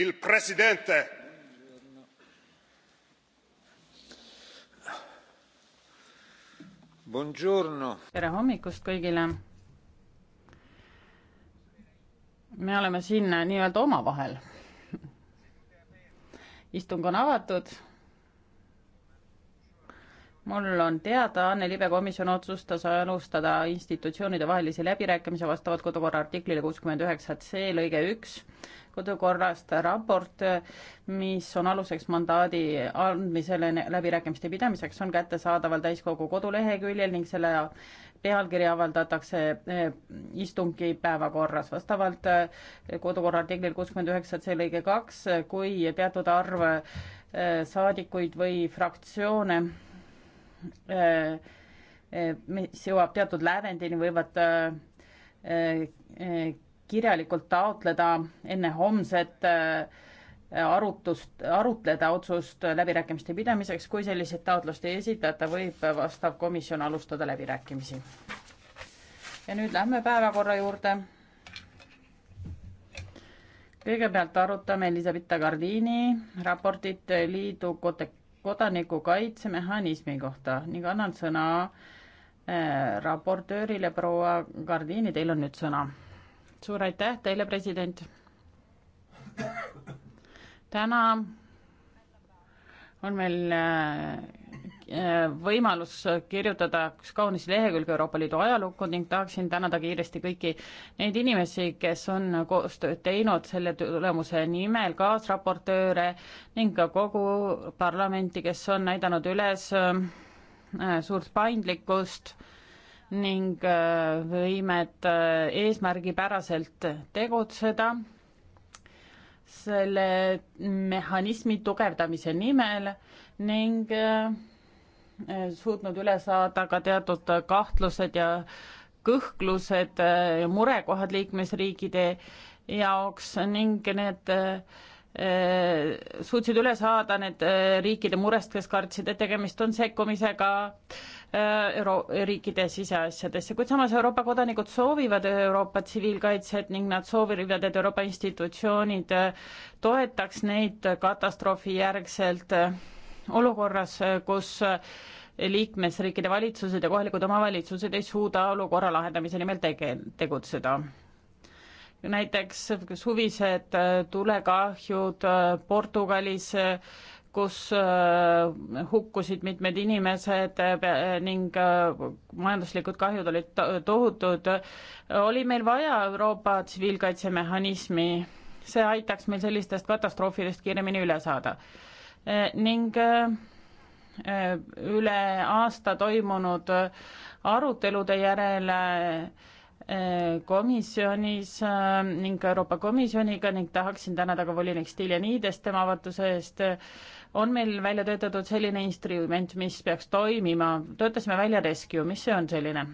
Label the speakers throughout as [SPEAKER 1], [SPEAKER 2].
[SPEAKER 1] il presidente
[SPEAKER 2] Buongiorno.
[SPEAKER 1] tere hommikust kõigile. me oleme siin nii-öelda omavahel. istung on avatud mul on teada, Anne Libe komisjon otsustas alustada institutsioonide vahelisi läbirääkimisi vastavalt kodukorra artiklile kuuskümmend üheksa C lõige üks kodukorrast raport, mis on aluseks mandaadi andmisele läbirääkimiste pidamiseks, on kättesaadaval täiskogu koduleheküljel ning selle pealkiri avaldatakse eh, istungi päevakorras. vastavalt eh, kodukorra artiklil kuuskümmend üheksa C lõige kaks, kui teatud arv eh, saadikuid või fraktsioone Äh, äh, mis jõuab teatud lävendini, võivad äh, kirjalikult taotleda enne homset arutust, arutleda otsust läbirääkimiste pidamiseks, kui selliseid taotlusi ei esitata, võib vastav komisjon alustada läbirääkimisi. ja nüüd lähme päevakorra juurde. kõigepealt arutame Elizabeth Gardini raportit liidu kote-, kodanikukaitsemehhanismi kohta ning annan sõna äh, raportöörile proua Gardiini, teil on nüüd sõna. suur aitäh teile, president. täna on meil äh, Eh, võimalus kirjutada üks kaunis lehekülg Euroopa Liidu ajalukku ning tahaksin tänada kiiresti kõiki neid inimesi, kes on koostööd teinud selle tulemuse nimel, kaasraportööre ning ka kogu parlamenti, kes on näidanud üles eh, suurt paindlikkust ning eh, võimet eesmärgipäraselt tegutseda selle mehhanismi tugevdamise nimel ning suutnud üle saada ka teatud kahtlused ja kõhklused ja murekohad liikmesriigide jaoks ning need eh, suutsid üle saada need eh, riikide murest, kes kartsid, et tegemist on sekkumisega eh, euro-, riikide siseasjadesse, kuid samas Euroopa kodanikud soovivad Euroopa tsiviilkaitset ning nad soovivad, et Euroopa institutsioonid toetaks neid katastroofi järgselt olukorras, kus liikmesriikide valitsused ja kohalikud omavalitsused ei suuda olukorra lahendamise nimel tege-, tegutseda. näiteks suvised tulekahjud Portugalis, kus äh, hukkusid mitmed inimesed äh, äh, ning majanduslikud kahjud olid tohutud, oli meil vaja Euroopa tsiviilkaitsemehhanismi, see aitaks meil sellistest katastroofidest kiiremini üle saada ning üle aasta toimunud arutelude järel komisjonis ning Euroopa Komisjoniga ning tahaksin tänada ka volinik Stiljanides tema avalduse eest, on meil välja töötatud selline instrument, mis peaks toimima, töötasime välja Rescue, mis see on selline?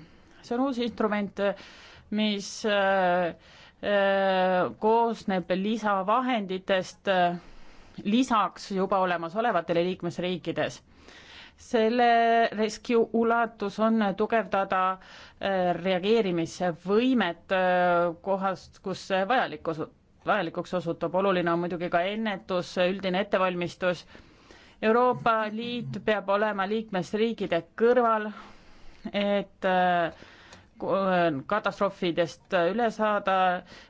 [SPEAKER 1] see on uus instrument, mis koosneb lisavahenditest äh, lisaks juba olemasolevatele liikmesriikides. selle rescue ulatus on tugevdada äh, reageerimisvõimet äh, kohast, kus vajalik osu-, vajalikuks osutub, oluline on muidugi ka ennetus, üldine ettevalmistus, Euroopa Liit peab olema liikmesriikide kõrval, et äh, katastroofidest üle saada,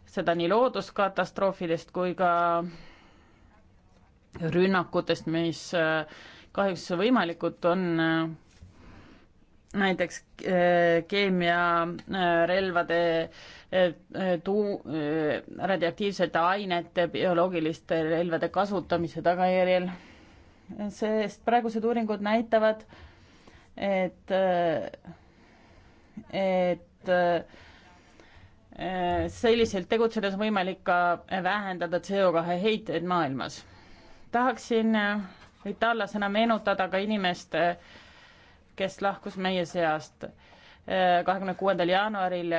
[SPEAKER 1] seda nii looduskatastroofidest kui ka rünnakutest, mis äh, kahjuks võimalikud on äh, näiteks äh, keemiarelvade, tuu-, radioaktiivsete ainete, bioloogiliste relvade kasutamise tagajärjel, sest praegused uuringud näitavad, et, et selliselt tegutsedes on võimalik ka vähendada CO2 heiteid maailmas tahaksin äh, itaallasena meenutada ka inimest, äh, kes lahkus meie seast äh, kahekümne kuuendal jaanuaril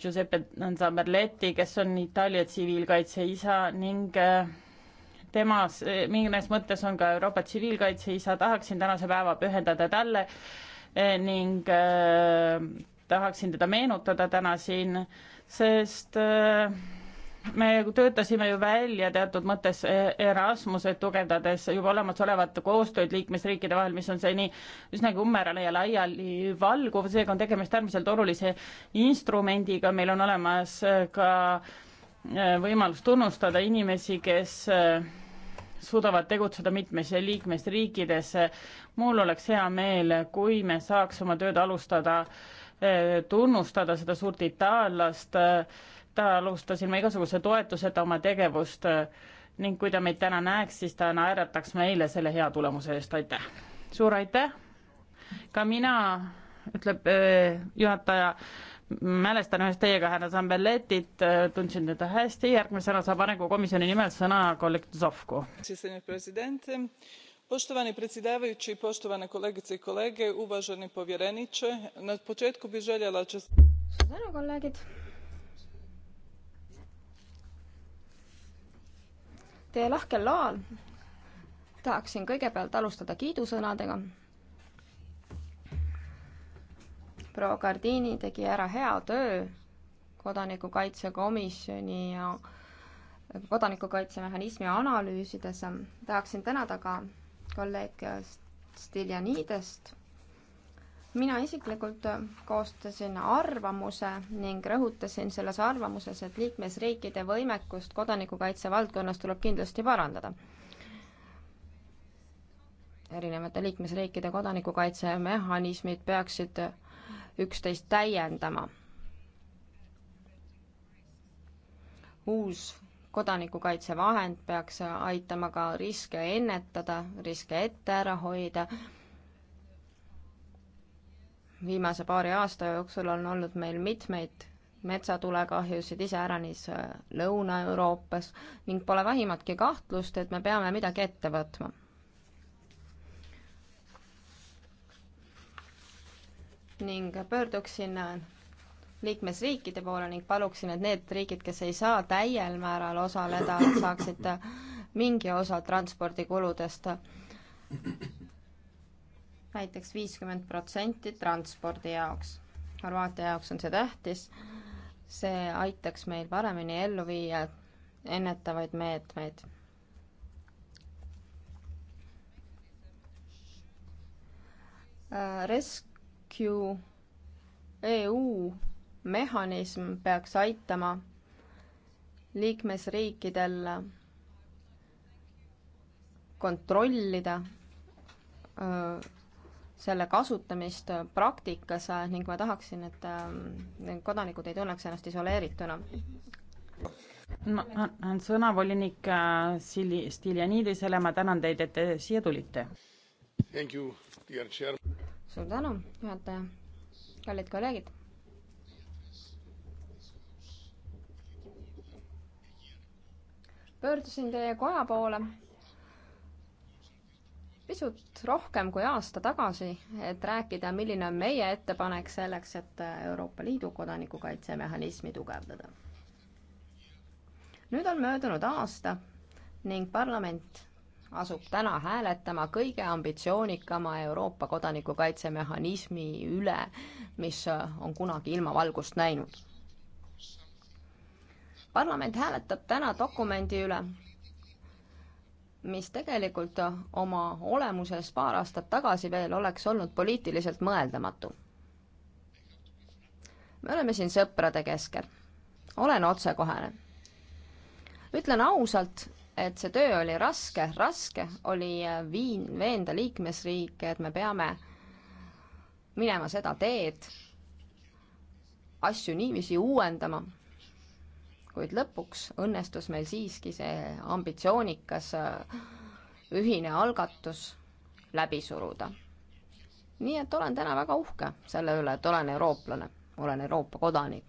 [SPEAKER 1] Giuseppe Zamberletti, kes on Itaalia tsiviilkaitse isa ning temas, mingis mõttes on ka Euroopa tsiviilkaitse isa, tahaksin tänase päeva pühendada talle ning tahaksin teda meenutada täna siin, sest äh, me töötasime ju välja teatud mõttes e- Erasmuse tugevdades juba olemasolevat koostööd liikmesriikide vahel, mis on seni üsnagi ummerane ja laialivalguv, seega on tegemist äärmiselt olulise instrumendiga, meil on olemas äh, ka äh, võimalus tunnustada inimesi, kes äh, suudavad tegutseda mitmes liikmesriikides. mul oleks hea meel, kui me saaks oma tööd alustada, tunnustada seda suurt itaallast äh, ta alustas ilma igasuguse toetuseta oma tegevust eh, ning kui ta meid täna näeks, siis ta naerataks meile selle hea tulemuse eest, aitäh! suur aitäh! ka mina, ütleb eh, juhataja, mälestan ühest teiega härra Zambelletit, eh, tundsin teda hästi, järgmisena saab arengukomisjoni nimel sõna kolleeg Zovko. Poštovani predsjedavajući, poštovane kolegice i kolege, uvaženi povjereniče, na početku bih željela čest... Suur
[SPEAKER 3] tänu, kolleegid! Teie lahkel loal tahaksin kõigepealt alustada kiidusõnadega. proua Gardini tegi ära hea töö kodanikukaitsekomisjoni ja kodanikukaitsemehhanismi analüüsides. tahaksin tänada ka kolleeg Stiljanidest mina isiklikult äh, koostasin arvamuse ning rõhutasin selles arvamuses, et liikmesriikide võimekust kodanikukaitse valdkonnas tuleb kindlasti parandada. erinevate liikmesriikide kodanikukaitsemehhanismid peaksid äh, üksteist täiendama. uus kodanikukaitsevahend peaks aitama ka riske ennetada, riske ette ära hoida viimase paari aasta jooksul on olnud meil mitmeid metsatulekahjusid iseäranis äh, Lõuna-Euroopas ning pole vähimatki kahtlust, et me peame midagi ette võtma. ning pöörduksin äh, liikmesriikide poole ning paluksin, et need riigid, kes ei saa täiel määral osaleda, saaksid äh, mingi osa transpordikuludest näiteks viiskümmend protsenti transpordi jaoks. Horvaatia jaoks on see tähtis, see aitaks meil paremini ellu viia ennetavaid meetmeid. Rescue EU mehhanism peaks aitama liikmesriikidel kontrollida öö, selle kasutamist praktikas ning ma tahaksin, et ähm, kodanikud ei tunneks ennast
[SPEAKER 1] isoleerituna. ma annan sõna volinik äh, Sili-, Stiljanidisele, ma tänan teid, et te siia tulite. suur tänu, juhataja,
[SPEAKER 2] kallid kolleegid.
[SPEAKER 3] pöördusin teie koja poole pisut rohkem kui aasta tagasi, et rääkida, milline on meie ettepanek selleks, et Euroopa Liidu kodanikukaitsemehhanismi tugevdada. nüüd on möödunud aasta ning parlament asub täna hääletama kõige ambitsioonikama Euroopa kodanikukaitsemehhanismi üle, mis on kunagi ilmavalgust näinud. parlament hääletab täna dokumendi üle, mis tegelikult oma olemuses paar aastat tagasi veel oleks olnud poliitiliselt mõeldamatu. me oleme siin sõprade keskel. olen otsekohene. ütlen ausalt, et see töö oli raske, raske oli viin-, veenda liikmesriike, et me peame minema seda teed, asju niiviisi uuendama kuid lõpuks õnnestus meil siiski see ambitsioonikas äh, ühine algatus läbi suruda. nii et olen täna väga uhke selle üle, et olen eurooplane, olen Euroopa kodanik.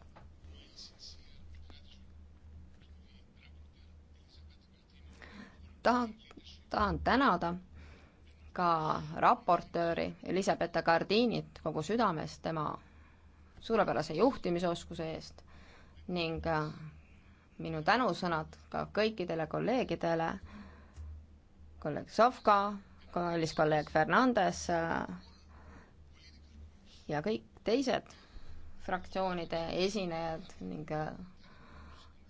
[SPEAKER 3] tahan, tahan tänada ka raportööri Elisabetta Gardiinit kogu südamest tema suurepärase juhtimisoskuse eest ning äh, minu tänusõnad ka kõikidele kolleegidele, kolleeg Sovka, kallis kolleeg Fernandes äh, ja kõik teised fraktsioonide esinejad ning äh,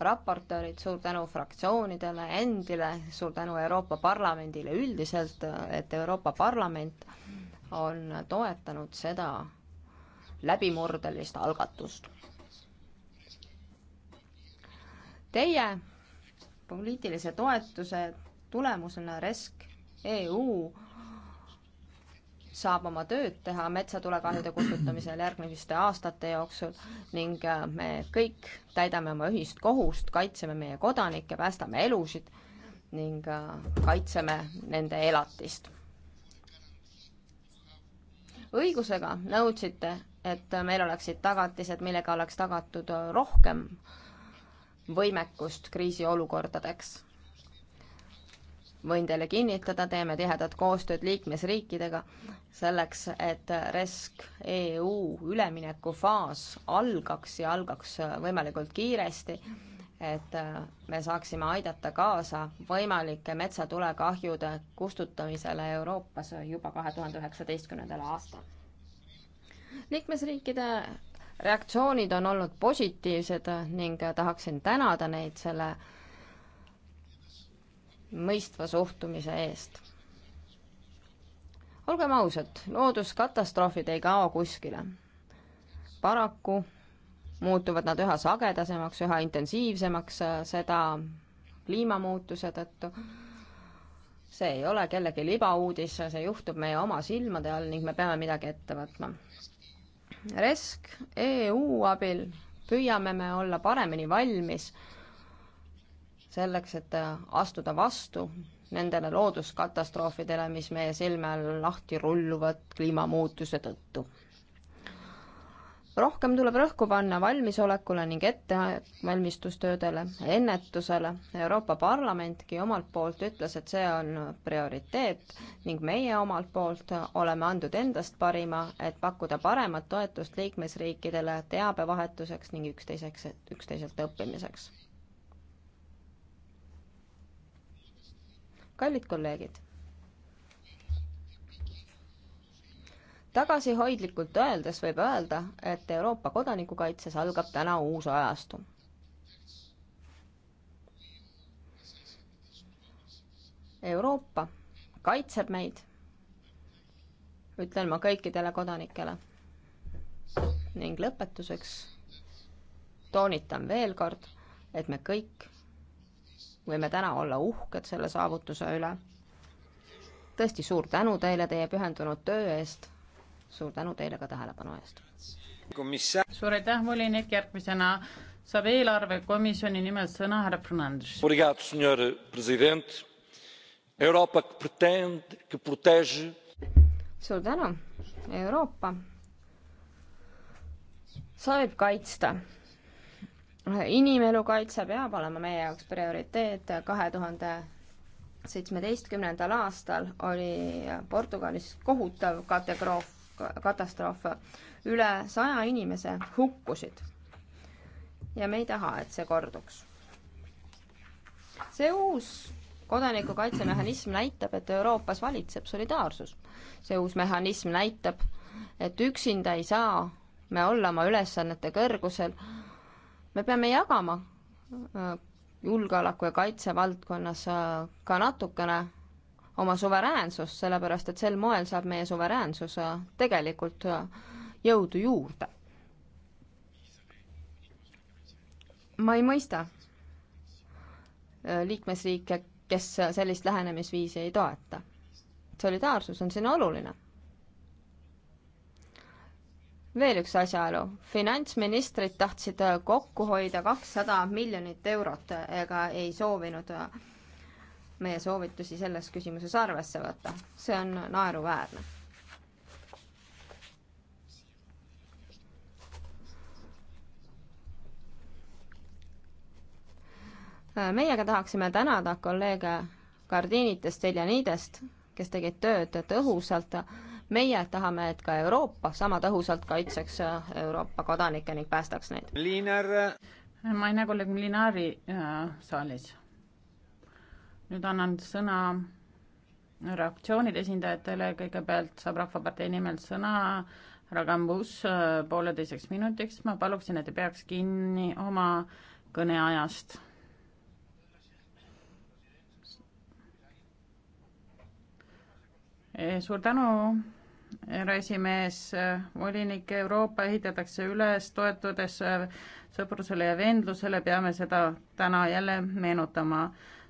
[SPEAKER 3] raportöörid, suur tänu fraktsioonidele endile, suur tänu Euroopa Parlamendile üldiselt, et Euroopa Parlament on toetanud seda läbimurdelist algatust Teie poliitilise toetuse tulemusena Resk EU saab oma tööd teha metsatulekahjude kustutamisel järgmiste aastate jooksul ning äh, me kõik täidame oma ühist kohust, kaitseme meie kodanikke, päästame elusid ning äh, kaitseme nende elatist. õigusega nõudsite, et meil oleksid tagatised, millega oleks tagatud äh, rohkem äh, võimekust kriisiolukordadeks. võin teile kinnitada, teeme tihedat koostööd liikmesriikidega selleks, et RESK EU üleminekufaas algaks ja algaks võimalikult kiiresti, et me saaksime aidata kaasa võimalike metsatulekahjude kustutamisele Euroopas juba kahe tuhande üheksateistkümnendal aastal liikmesriikide reaktsioonid on olnud positiivsed ning tahaksin tänada neid selle mõistva suhtumise eest. olgem ausad, looduskatastroofid ei kao kuskile. paraku muutuvad nad üha sagedasemaks, üha intensiivsemaks, äh, seda kliimamuutuse tõttu. see ei ole kellegi libauudis, see juhtub meie oma silmade all ning me peame midagi ette võtma RESK EU abil püüame me olla paremini valmis selleks, et astuda vastu nendele looduskatastroofidele, mis meie silme all lahti rulluvad kliimamuutuse tõttu rohkem tuleb rõhku panna valmisolekule ning ettevalmistustöödele, ennetusele. Euroopa Parlamentki omalt poolt ütles, et see on prioriteet ning meie omalt poolt oleme andnud endast parima, et pakkuda paremat toetust liikmesriikidele teabevahetuseks ning üksteiseks, üksteiselt õppimiseks. kallid kolleegid tagasihoidlikult öeldes võib öelda, et Euroopa kodanikukaitses algab täna uus ajastu. Euroopa kaitseb meid, ütlen ma kõikidele kodanikele. ning lõpetuseks toonitan veel kord, et me kõik võime täna olla uhked selle saavutuse üle. tõesti suur tänu teile teie pühendunud töö eest
[SPEAKER 1] suur tänu teile ka tähelepanu eest. suur aitäh, volinik, järgmisena saab eelarvekomisjoni nimel sõna härra Fernandes. suur tänu,
[SPEAKER 3] Euroopa soovib kaitsta inimelu kaitse peab olema meie jaoks prioriteet. kahe tuhande seitsmeteistkümnendal aastal oli Portugalis kohutav kategooria katastroof. üle saja inimese hukkusid. ja me ei taha, et see korduks. see uus kodanikukaitsemehhanism näitab, et Euroopas valitseb solidaarsus. see uus mehhanism näitab, et üksinda ei saa me olla oma ülesannete kõrgusel. me peame jagama äh, julgeoleku ja kaitse valdkonnas äh, ka natukene oma suveräänsust, sellepärast et sel moel saab meie suveräänsus äh, tegelikult äh, jõudu juurde. ma ei mõista äh, liikmesriike, kes sellist lähenemisviisi ei toeta. solidaarsus on siin oluline veel üks asjaolu, finantsministrid tahtsid kokku hoida kakssada miljonit eurot ega ei soovinud meie soovitusi selles küsimuses arvesse võtta. see on naeruväärne. meiega tahaksime tänada kolleege Gardiinit ja Steljanidest, kes tegid tööd tõhusalt. meie tahame, et ka
[SPEAKER 1] Euroopa sama tõhusalt kaitseks Euroopa kodanikke ning päästaks neid. Liiner. ma ei näe kolleeg Linaari äh, saalis nüüd annan sõna fraktsioonide esindajatele, kõigepealt saab Rahvapartei nimel sõna härra Kambus äh, pooleteiseks minutiks, ma paluksin, et ei peaks kinni oma kõneajast. Eh, suur tänu, härra esimees, volinik Euroopa ehitatakse üles, toetudes äh, sõprusele ja vendlusele, peame seda täna jälle meenutama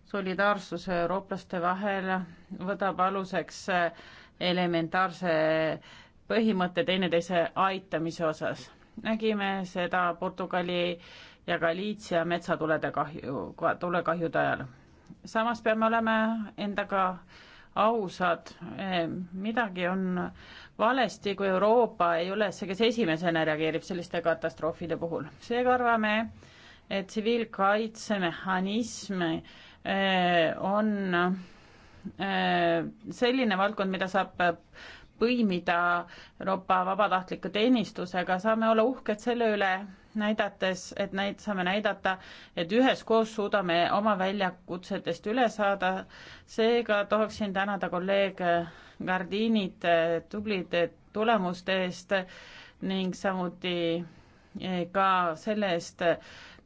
[SPEAKER 1] solidaarsuse eurooplaste vahel võtab aluseks eh, elementaarse põhimõtte teineteise aitamise osas. nägime seda Portugali ja Galiitsia metsatulede kahju, tulekahjude ajal. samas peame olema endaga ausad, eh, midagi on valesti, kui Euroopa ei ole see, kes esimesena reageerib selliste katastroofide puhul. seega arvame, et tsiviilkaitsemehhanism Äh, on äh, selline valdkond, mida saab äh, põimida Euroopa vabatahtliku teenistusega, saame olla uhked selle üle, näidates, et näit-, saame näidata, et üheskoos suudame oma väljakutsetest üle saada, seega tahaksin tänada kolleeg Gardinit tublide tulemuste eest ning samuti ka selle eest,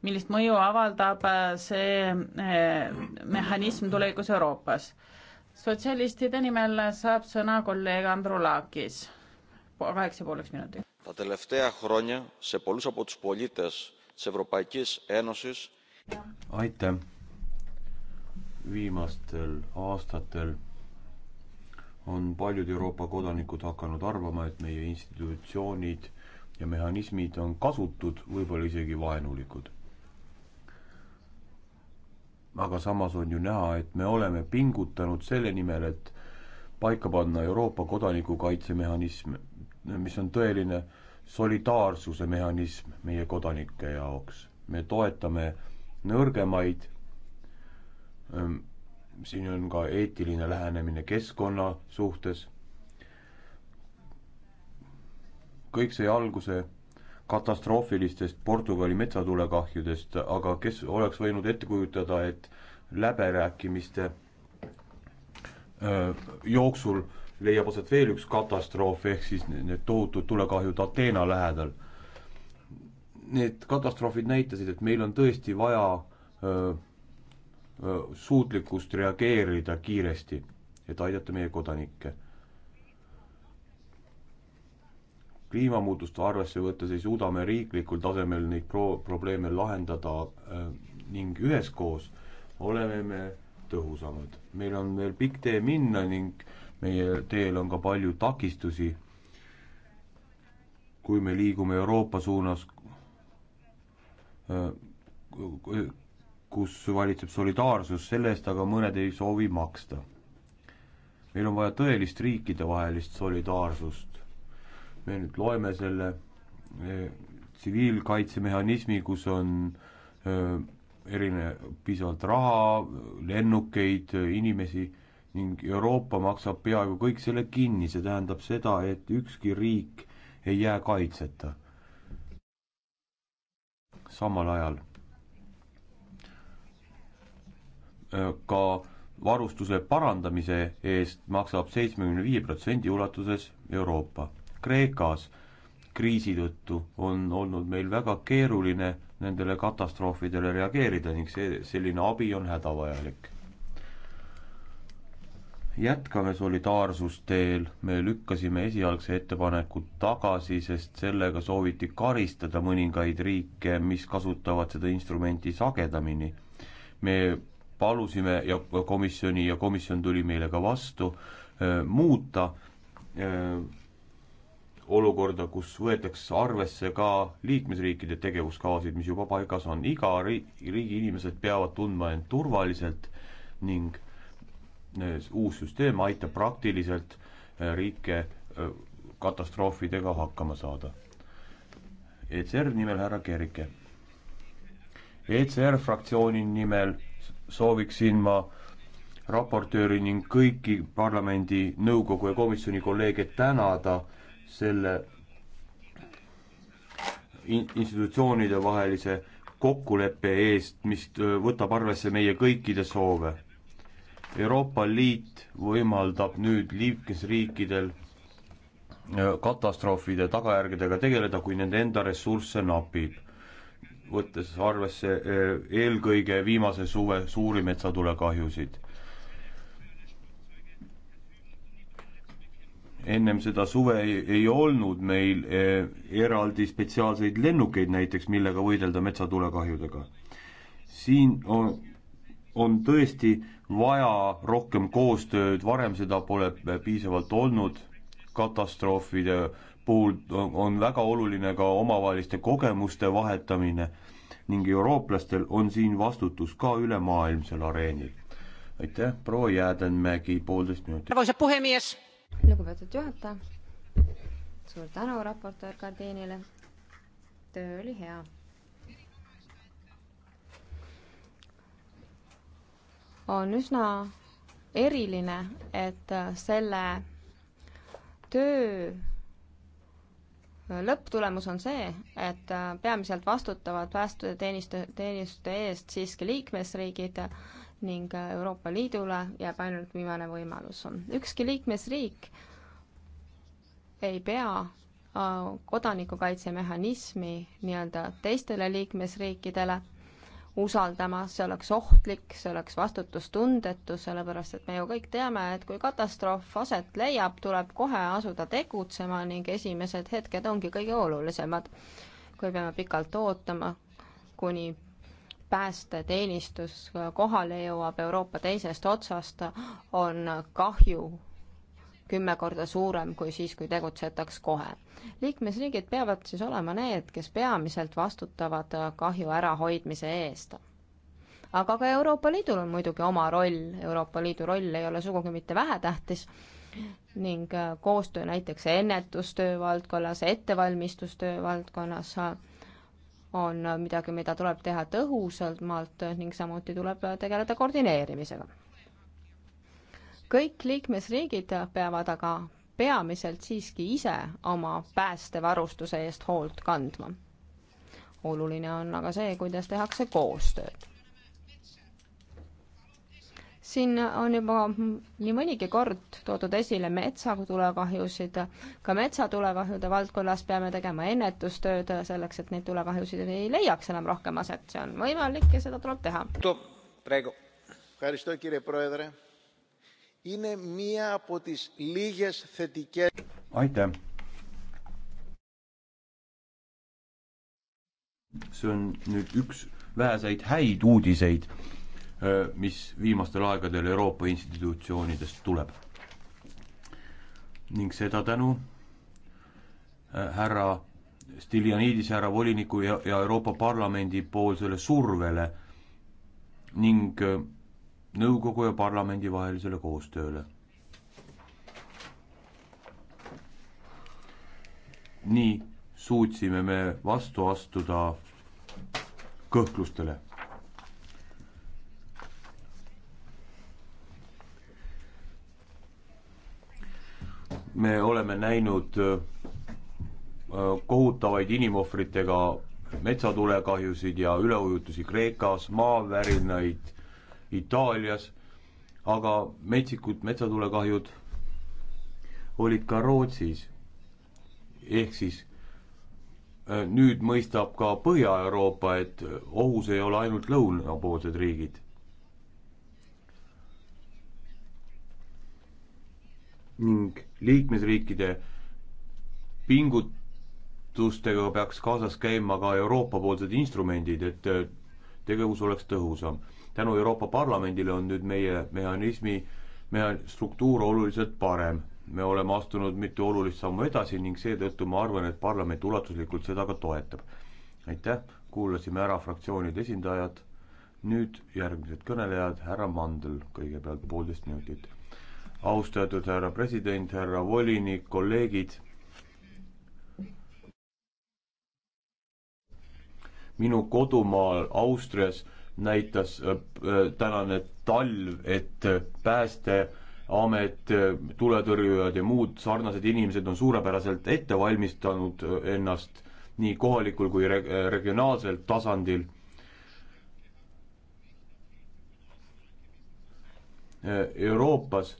[SPEAKER 1] millist mõju avaldab äh, see äh, mehhanism tulevikus Euroopas. sotsialistide nimel saab sõna kolleeg Andrulakis,
[SPEAKER 2] kaheksa pooleks minutiks. Ta teleftea hronja se polus apo tus polites se Evropaikis Enosis. aitäh. viimastel aastatel on paljud Euroopa kodanikud hakanud arvama, et meie institutsioonid ja mehhanismid on kasutud, võib-olla isegi vaenulikud aga samas on ju näha, et me oleme pingutanud selle nimel, et paika panna Euroopa kodanikukaitsemehhanism, mis on tõeline solidaarsuse mehhanism meie kodanike jaoks. me toetame nõrgemaid, siin on ka eetiline lähenemine keskkonna suhtes, kõik sai alguse katastroofilistest Portugali metsatulekahjudest, aga kes oleks võinud ette kujutada, et läbirääkimiste jooksul leiab aset veel üks katastroof, ehk siis need tohutud tulekahjud Ateena lähedal. Need katastroofid näitasid, et meil on tõesti vaja öö, öö, suutlikkust reageerida kiiresti, et aidata meie kodanikke kliimamuutuste arvesse võttes ei suuda me riiklikul tasemel neid pro-, probleeme lahendada äh, ning üheskoos oleme me tõhusamad. meil on veel pikk tee minna ning meie teel on ka palju takistusi, kui me liigume Euroopa suunas äh,, kus valitseb solidaarsus, selle eest aga mõned ei soovi maksta. meil on vaja tõelist riikidevahelist solidaarsust, me nüüd loeme selle e, tsiviilkaitsemehhanismi, kus on öö, e, erine, piisavalt raha, lennukeid, inimesi ning Euroopa maksab peaaegu kõik selle kinni, see tähendab seda, et ükski riik ei jää kaitseta. samal ajal e, ka varustuse parandamise eest maksab seitsmekümne viie protsendi ulatuses Euroopa Kreekas kriisi tõttu on olnud meil väga keeruline nendele katastroofidele reageerida ning see, selline abi on hädavajalik. jätkame solidaarsusteel, me lükkasime esialgse ettepaneku tagasi, sest sellega sooviti karistada mõningaid riike, mis kasutavad seda instrumenti sagedamini. me palusime ja komisjoni ja komisjon tuli meile ka vastu äh,, muuta äh, olukorda, kus võetakse arvesse ka liikmesriikide tegevuskavasid, mis juba paigas on. iga riigi inimesed peavad tundma end turvaliselt ning eh, uus süsteem aitab praktiliselt eh, riike eh, katastroofidega hakkama saada. ECR nimel härra Kerike. ECR fraktsiooni nimel sooviksin ma raportööri ning kõiki parlamendi, nõukogu ja komisjoni kolleege tänada selle institutsioonide vahelise kokkuleppe eest, mis võtab arvesse meie kõikide soove. Euroopa Liit võimaldab nüüd liikmesriikidel äh, katastroofide tagajärgedega tegeleda, kui nende enda ressursse napib. võttes arvesse äh, eelkõige viimase suve suuri metsatulekahjusid ennem seda suve ei, ei olnud meil eh, eraldi spetsiaalseid lennukeid näiteks, millega võidelda metsatulekahjudega. siin on, on tõesti vaja rohkem koostööd, varem seda pole piisavalt olnud, katastroofide puhul on väga oluline ka omavaheliste kogemuste vahetamine ning eurooplastel on siin vastutus ka ülemaailmsel areenil. aitäh, proua Jäädenmägi, poolteist minutit.
[SPEAKER 3] arvoisa puhemies lugupeetud juhataja, suur tänu raportöör Kardeenile, töö oli hea. on üsna eriline, et selle töö lõpptulemus on see, et peamiselt vastutavad päästeteenistu-, teenistuste eest siiski liikmesriigid ning äh, Euroopa Liidule jääb ainult viimane võimalus. ükski liikmesriik ei pea äh, kodanikukaitsemehhanismi nii-öelda teistele liikmesriikidele usaldama, see oleks ohtlik, see oleks vastutustundetu, sellepärast et me ju kõik teame, et kui katastroof aset leiab, tuleb kohe asuda tegutsema ning esimesed hetked ongi kõige olulisemad. kui peame pikalt ootama, kuni päästeteenistus kohale jõuab Euroopa teisest otsast, on kahju kümme korda suurem kui siis, kui tegutsetaks kohe. liikmesriigid peavad siis olema need, kes peamiselt vastutavad kahju ärahoidmise eest. aga ka Euroopa Liidul on muidugi oma roll, Euroopa Liidu roll ei ole sugugi mitte vähetähtis ning koostöö näiteks ennetustöö valdkonnas, ettevalmistustöö valdkonnas on midagi, mida tuleb teha tõhusamalt ning samuti tuleb tegeleda koordineerimisega. kõik liikmesriigid peavad aga peamiselt siiski ise oma päästevarustuse eest hoolt kandma. oluline on aga see, kuidas tehakse
[SPEAKER 2] koostööd
[SPEAKER 3] siin on juba nii mõnigi kord toodud esile metsatulekahjusid. ka metsatulekahjude valdkonnas peame tegema ennetustööd selleks, et neid tulekahjusid ei leiaks enam rohkem aset. see on võimalik ja seda tuleb teha.
[SPEAKER 2] aitäh. see on nüüd üks väheseid häid uudiseid Äh, mis viimastel aegadel Euroopa institutsioonidest tuleb. ning seda tänu äh, härra Stiljanidis, härra voliniku ja, ja Euroopa Parlamendi poolsele survele ning äh, nõukogu ja parlamendi vahelisele koostööle. nii suutsime me vastu astuda kõhklustele me oleme näinud äh, kohutavaid inimohvritega metsatulekahjusid ja üleujutusi Kreekas, maavärinaid Itaalias, aga metsikud metsatulekahjud olid ka Rootsis. ehk siis äh, nüüd mõistab ka Põhja-Euroopa, et ohus ei ole ainult lõunapoolsed riigid. ning liikmesriikide pingutustega peaks kaasas käima ka Euroopa-poolsed instrumendid, et äh, tegevus oleks tõhusam. tänu Euroopa Parlamendile on nüüd meie mehhanismi meha-, struktuur oluliselt parem. me oleme astunud mitu olulist sammu edasi ning seetõttu ma arvan, et parlament ulatuslikult seda ka toetab. aitäh, kuulasime ära fraktsioonide esindajad, nüüd järgmised kõnelejad, härra Mandl kõigepealt poolteist minutit austatud härra president, härra volinik, kolleegid. minu kodumaal Austrias näitas äh, äh, tänane talv, et äh, päästeamet, tuletõrjujad ja muud sarnased inimesed on suurepäraselt ette valmistanud ennast nii kohalikul kui reg regionaalsel tasandil Euroopas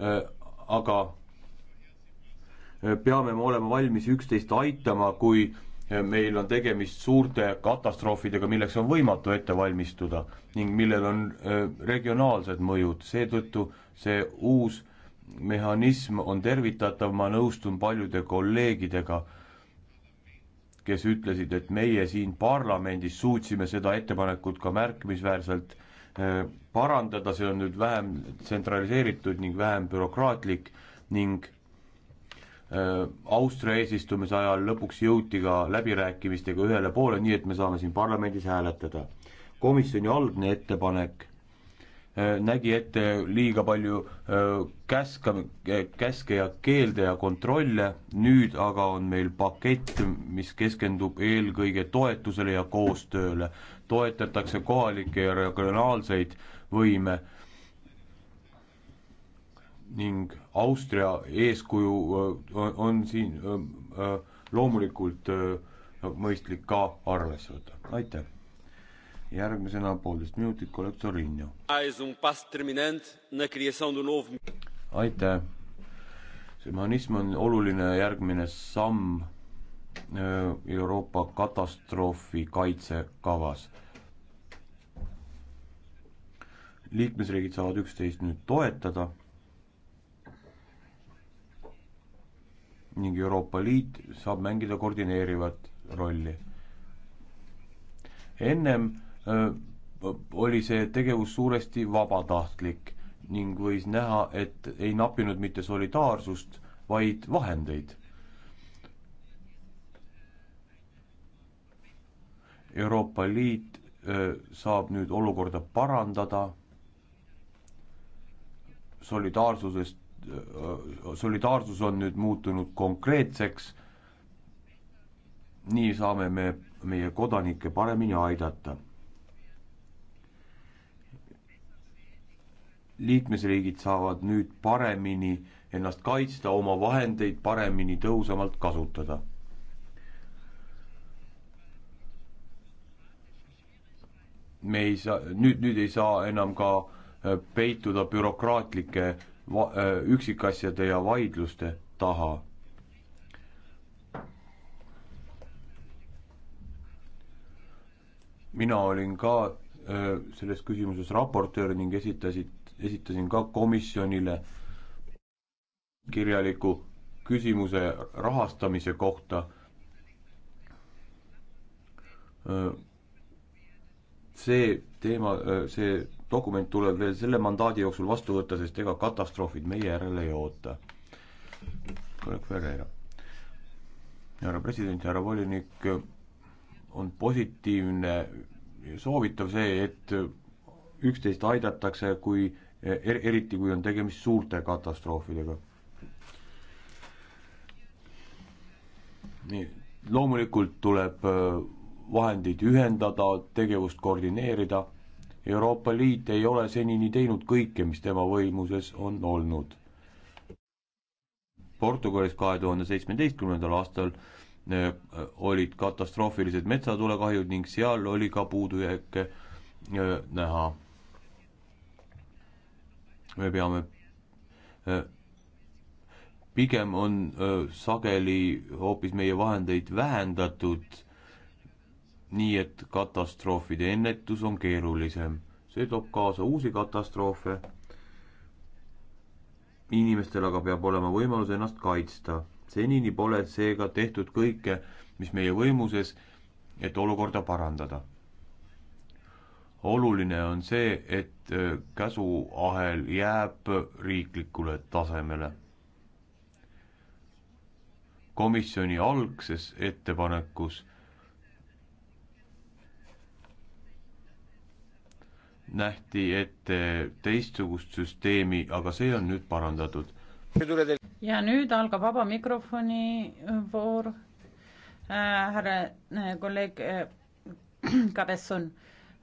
[SPEAKER 2] Äh, aga äh, peame me olema valmis üksteist aitama, kui äh, meil on tegemist suurte katastroofidega, milleks on võimatu ette valmistuda ning millel on regionaalsed mõjud, seetõttu see uus mehhanism on tervitatav, ma nõustun paljude kolleegidega, kes ütlesid, et meie siin parlamendis suutsime seda ettepanekut ka märkimisväärselt Äh, parandada, see on nüüd vähem tsentraliseeritud ning vähem bürokraatlik ning äh, Austria eesistumise ajal lõpuks jõuti ka läbirääkimistega ühele poole, nii et me saame siin parlamendis hääletada. komisjoni algne ettepanek äh, nägi ette liiga palju käska, käske ja keelde ja kontrolle, nüüd aga on meil pakett, mis keskendub eelkõige toetusele ja koostööle toetatakse kohalikke ja regionaalseid võime ning Austria eeskuju on, on siin loomulikult mõistlik ka arvesse võtta, aitäh. järgmisena poolteist minutit, kolleeg Zorinjo. Um aitäh, see mehhanism on oluline järgmine samm Äh, Euroopa katastroofikaitsekavas. liikmesriigid saavad üksteist nüüd toetada ning Euroopa Liit saab mängida koordineerivat rolli. ennem öö, äh, oli see tegevus suuresti vabatahtlik ning võis näha, et ei nappinud mitte solidaarsust, vaid vahendeid Euroopa Liit saab nüüd olukorda parandada solidaarsusest, solidaarsus on nüüd muutunud konkreetseks, nii saame me meie kodanikke paremini aidata. liikmesriigid saavad nüüd paremini ennast kaitsta, oma vahendeid paremini, tõhusamalt kasutada me ei saa, nüüd, nüüd ei saa enam ka äh, peituda bürokraatlike va-, äh, üksikasjade ja vaidluste taha. mina olin ka äh, selles küsimuses raportöör ning esitasid, esitasin ka komisjonile kirjaliku küsimuse rahastamise kohta see teema, see dokument tuleb veel selle mandaadi jooksul vastu võtta, sest ega katastroofid meie järele ei oota. kõlab väga hea. härra president, härra volinik, on positiivne ja soovitav see, et üksteist aidatakse, kui er,, eriti kui on tegemist suurte katastroofidega. nii, loomulikult tuleb äh, vahendeid ühendada, tegevust koordineerida. Euroopa Liit ei ole senini teinud kõike, mis tema võimuses on olnud. Portugalis kahe tuhande seitsmeteistkümnendal aastal äh, olid katastroofilised metsatulekahjud ning seal oli ka puudujääke äh, näha. me peame, äh, pigem on sageli hoopis meie vahendeid vähendatud nii et katastroofide ennetus on keerulisem. see toob kaasa uusi katastroofe. inimestel aga peab olema võimalus ennast kaitsta. senini pole seega tehtud kõike, mis meie võimuses, et olukorda parandada. oluline on see, et äh, käsuahel jääb riiklikule tasemele. komisjoni algses ettepanekus nähti ette teistsugust süsteemi, aga see on nüüd parandatud.
[SPEAKER 1] ja nüüd algab vaba mikrofoni äh, voor äh,. härra äh, kolleeg äh, Kabesson,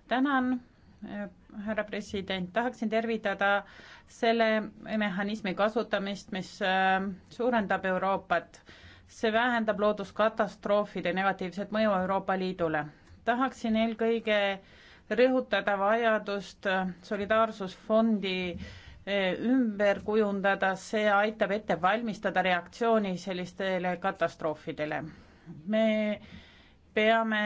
[SPEAKER 1] tänan äh, härra president, tahaksin tervitada selle mehhanismi kasutamist, mis äh, suurendab Euroopat. see vähendab looduskatastroofide negatiivset mõju Euroopa Liidule. tahaksin eelkõige rõhutada vajadust solidaarsusfondi eh, ümber kujundada, see aitab ette valmistada reaktsiooni sellistele katastroofidele. me peame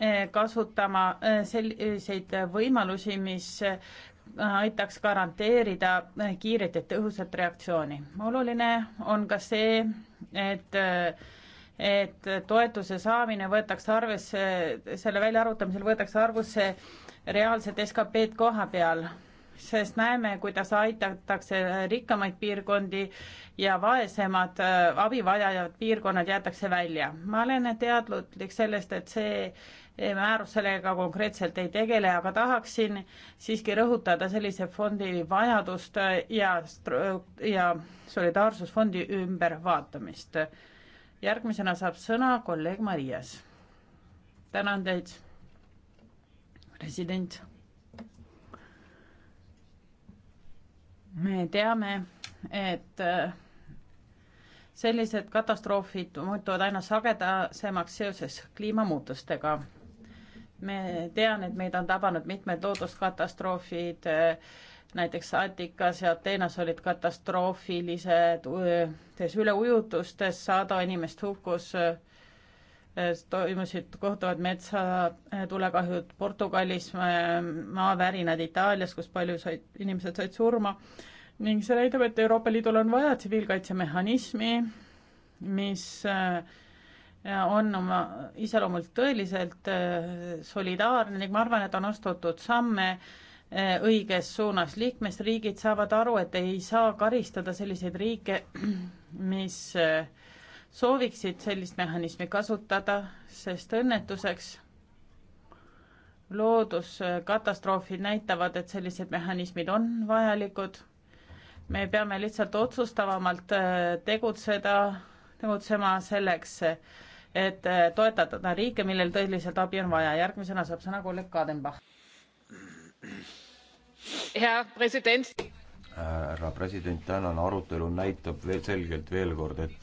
[SPEAKER 1] eh, kasutama eh, selliseid võimalusi, mis aitaks garanteerida kiiret ja tõhusat reaktsiooni. oluline on ka see, et et toetuse saamine võetakse arvesse, selle väljaarvutamisel võetakse arvusse reaalset SKP-d koha peal, sest näeme, kuidas aitatakse rikkamaid piirkondi ja vaesemad abivajajad piirkonnad jäetakse välja. ma olen teadlik sellest, et see määrus sellega konkreetselt ei tegele, aga tahaksin siiski rõhutada sellise fondi vajadust ja, ja solidaarsusfondi ümbervaatamist järgmisena saab sõna kolleeg Marias. tänan teid, president. me teame, et äh, sellised katastroofid muutuvad aina sagedasemaks seoses kliimamuutustega. me tean, et meid on tabanud mitmed looduskatastroofid äh,, näiteks Attikas ja Ateenas olid katastroofilised äh, üleujutustes, sada inimest hukkus, äh, toimusid kohutavad metsatulekahjud äh, Portugalis, maavärinad Itaalias, kus palju said, inimesed said surma ning see näitab, et Euroopa Liidul on vaja tsiviilkaitsemehhanismi, mis on oma iseloomult tõeliselt solidaarne ning ma arvan, et on astutud samme äh, Äh, õiges suunas. liikmesriigid saavad aru, et ei saa karistada selliseid riike, mis äh, sooviksid sellist mehhanismi kasutada, sest õnnetuseks looduskatastroofid näitavad, et sellised mehhanismid on vajalikud. me peame lihtsalt otsustavamalt äh, tegutseda, tegutsema selleks, et toetada riike, millel tõeliselt abi on vaja. järgmisena saab sõna kolleeg Kadenbach härra president.
[SPEAKER 2] härra president, tänane arutelu näitab veel selgelt veel kord, et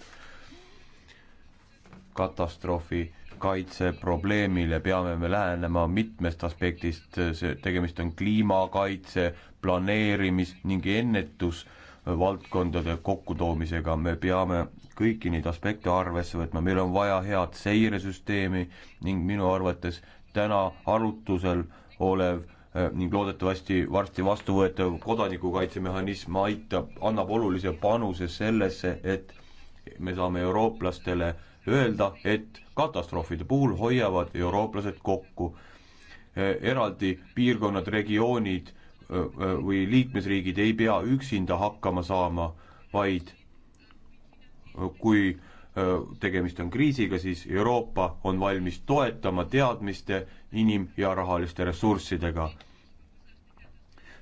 [SPEAKER 2] katastroofi kaitseprobleemile peame me lähenema mitmest aspektist, see, tegemist on kliimakaitse, planeerimis- ning ennetusvaldkondade kokkutoomisega, me peame kõiki neid aspekte arvesse võtma, meil on vaja head seiresüsteemi ning minu arvates täna arutusel olev äh, Äh, ning loodetavasti varsti vastuvõetav kodanikukaitsemehhanism aitab, annab olulise panuse sellesse, et me saame eurooplastele öelda, et katastroofide puhul hoiavad eurooplased kokku. Äh, eraldi piirkonnad, regioonid äh, või liikmesriigid ei pea üksinda hakkama saama, vaid kui tegemist on kriisiga, siis Euroopa on valmis toetama teadmiste inim- ja rahaliste ressurssidega.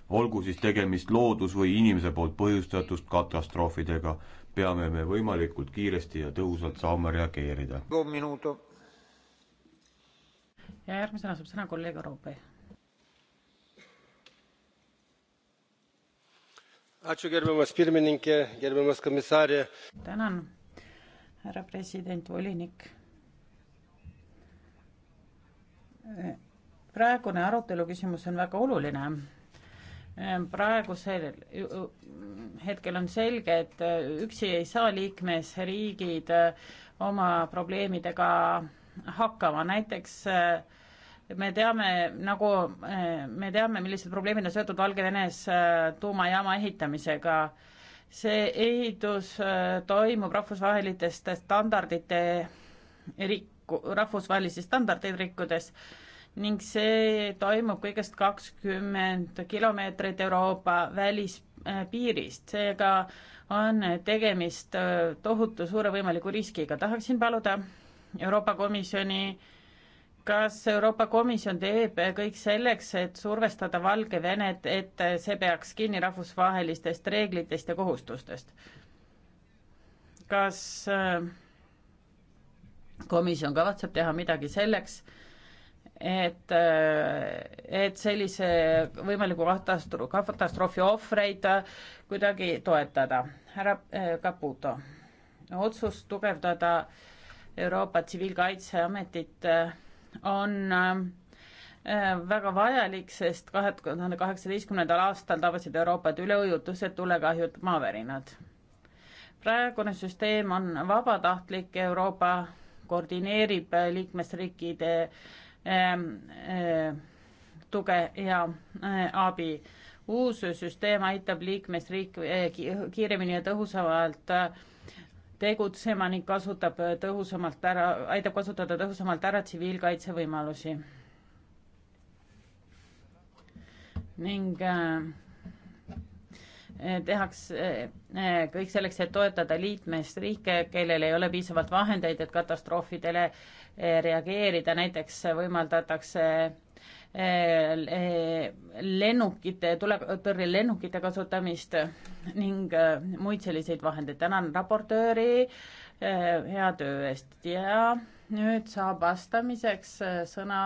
[SPEAKER 2] olgu siis tegemist loodus- või inimese poolt põhjustatud katastroofidega, peame me võimalikult kiiresti ja tõhusalt saama reageerida.
[SPEAKER 1] ja järgmisena saab sõna kolleeg Euroopa. tänan, härra president, volinik praegune arutelu küsimus on väga oluline. praegusel hetkel on selge, et üksi ei saa liikmesriigid oma probleemidega hakkama, näiteks eh, me teame, nagu eh, me teame, millised probleemid on seotud Valgevenes eh, tuumajaama ehitamisega see ehitus toimub rahvusvaheliste standardite rikku, rahvusvahelisi standardeid rikkudes ning see toimub kõigest kakskümmend kilomeetrit Euroopa välispiirist, äh, seega on tegemist äh, tohutu suure võimaliku riskiga. tahaksin paluda Euroopa Komisjoni kas Euroopa Komisjon teeb kõik selleks, et survestada Valgevenet, et see peaks kinni rahvusvahelistest reeglitest ja kohustustest? kas äh, komisjon kavatseb teha midagi selleks, et, et sellise võimaliku katastroofi, katastroofi ohvreid kuidagi toetada. härra eh, Caputo, otsus tugevdada Euroopa Tsiviilkaitseametit eh, on eh, väga vajalik, sest kahe tuhande kaheksateistkümnendal aastal tabasid Euroopat üleujutused, tulekahjud, maavärinad. praegune süsteem on vabatahtlik, Euroopa koordineerib liikmesriikide äh, Ähm, äh, tuge ja äh, abi. uus süsteem aitab liikmesriik äh, kiiremini ja tõhusamalt tegutsema ning kasutab tõhusamalt ära, aitab kasutada tõhusamalt ära tsiviilkaitsevõimalusi. ning tehakse kõik selleks, et toetada liikmesriike, kellel ei ole piisavalt vahendeid, et katastroofidele Eh, reageerida, näiteks võimaldatakse eh, eh, lennukite, tuletõrjelennukite kasutamist ning muid selliseid vahendeid. tänan raportööri hea töö eest ja nüüd saab vastamiseks sõna